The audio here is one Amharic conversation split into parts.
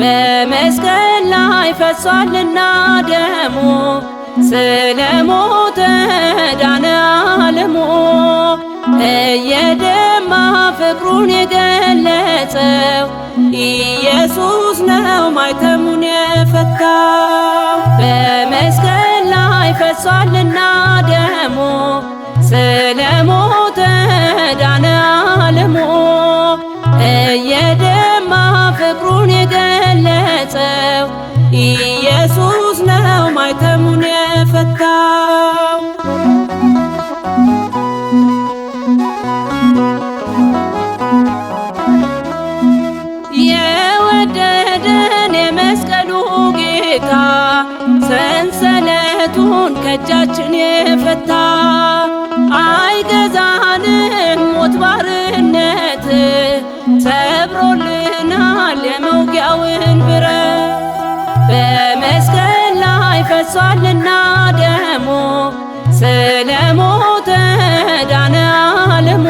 በመስቀል ላይ ፈሷልና ደሙ ዳነ እየደ ፍቅሩን የገለጸው ኢየሱስ ነው ማይተሙን የፈታው በመስቀል ላይ ፈሷልና ደሞ ስለሞ ሞቱን ከእጃችን የፈታ አይገዛንም ሞት ባርነት ሰብሮልናል የመውጊያውን ብረት በመስቀል ላይ ፈሷልና ደሞ ስለ ሞተ ዳነ ዓለሙ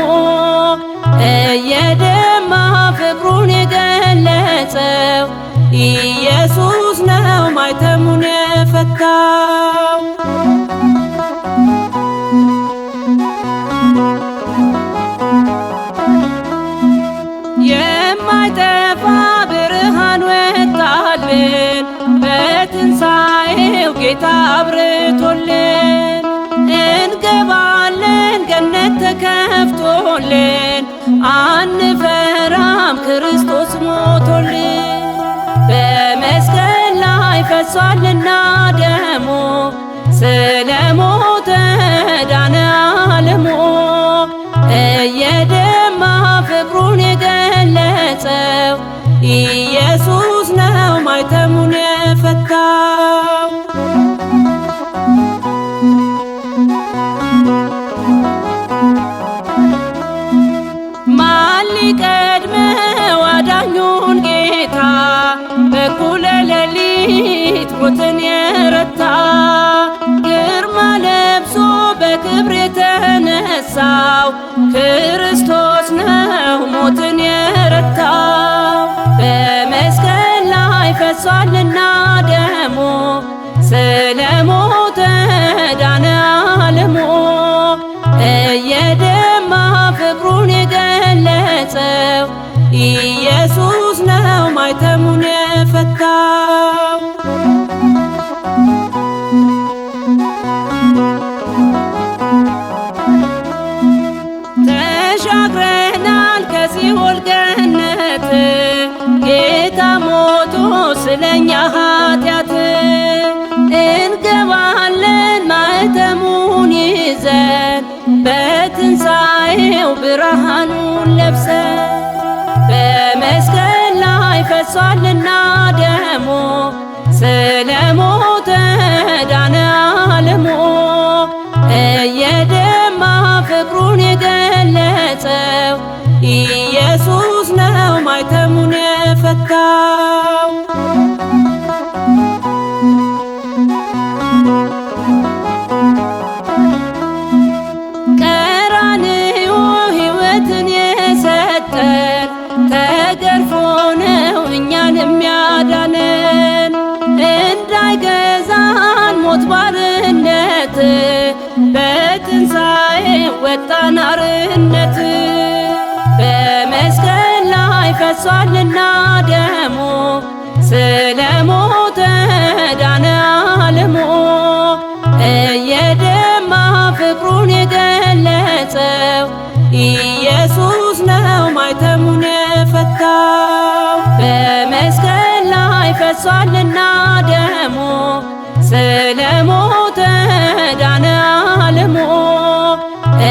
እየደማ ፍቅሩን የገለጸው ኢየሱስ ነው ማይተሙን የፈታ ጌታ አብርቶልን እንገባለን ገነት ተከፍቶልን አንፈራም ክርስቶስ ሞቶልን በመስቀል ላይ ፈሷልና ደሞ ስለ ሞተ ዳነ ዓለሞ እየደማ ፍቅሩን የገለጸው ኢየሱስ ነው ማይተሙን የፈታ ማን ሞትን የረታ ግርማ ለብሶ በክብር የተነሳው ክርስቶስ ነው ሞትን በመስቀል ላይ ፈሷልና ደሞ ስለሞ ጌታ ሞቶ ስለኛ ኃጢአት እንገባለን ማዕተሙን ይዘን በትንሣኤው ብርሃኑን ለብሰን በመስቀል ላይ ፈሷልና ደሞ ስለ ሞተ ዳነ ዓለሙ እየደማ ፍቅሩን የገለጸው አደራው ቀራንዮ ሕይወትን የሰጠን ተገርፎ ነው እኛን የሚያዳነን እንዳይገዛን ሞት ባርነት በትንሣኤ ወጣን አርነት በመስቀል ላይ ፈሷልና ኢየሱስ ነው ማይተሙን የፈታው በመስቀል ላይ ፈሷልና ደሞ ስለ ሞተ ዳነ ዓለሞ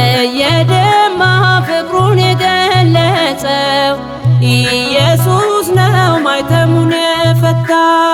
እየደማ ፍቅሩን የገለጸው ኢየሱስ ነው ማይተሙን የፈታው